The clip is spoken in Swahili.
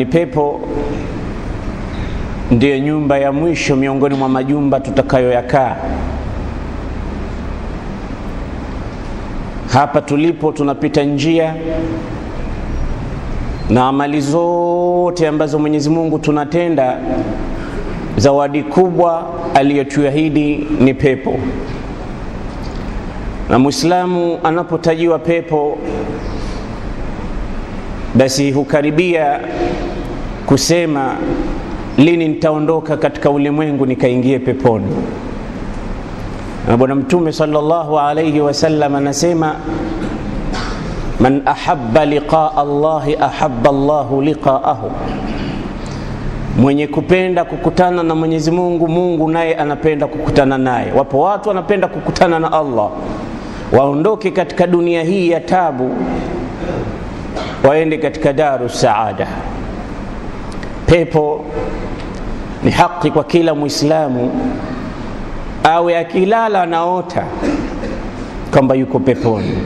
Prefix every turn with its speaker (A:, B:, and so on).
A: Ni pepo ndiyo nyumba ya mwisho miongoni mwa majumba tutakayoyakaa. Hapa tulipo tunapita njia na amali zote ambazo Mwenyezi Mungu tunatenda, zawadi kubwa aliyotuahidi ni pepo. Na Muislamu anapotajiwa pepo, basi hukaribia kusema lini nitaondoka katika ulimwengu nikaingie peponi. Na Bwana Mtume sallallahu alayhi wasallam anasema man ahabba liqaa llahi ahabba llahu liqaahu, mwenye kupenda kukutana na Mwenyezi Mungu, Mungu naye anapenda kukutana naye. Wapo watu wanapenda kukutana na Allah, waondoke katika dunia hii ya tabu, waende katika daru saada pepo ni haki kwa kila Mwislamu awe akilala anaota kwamba yuko peponi.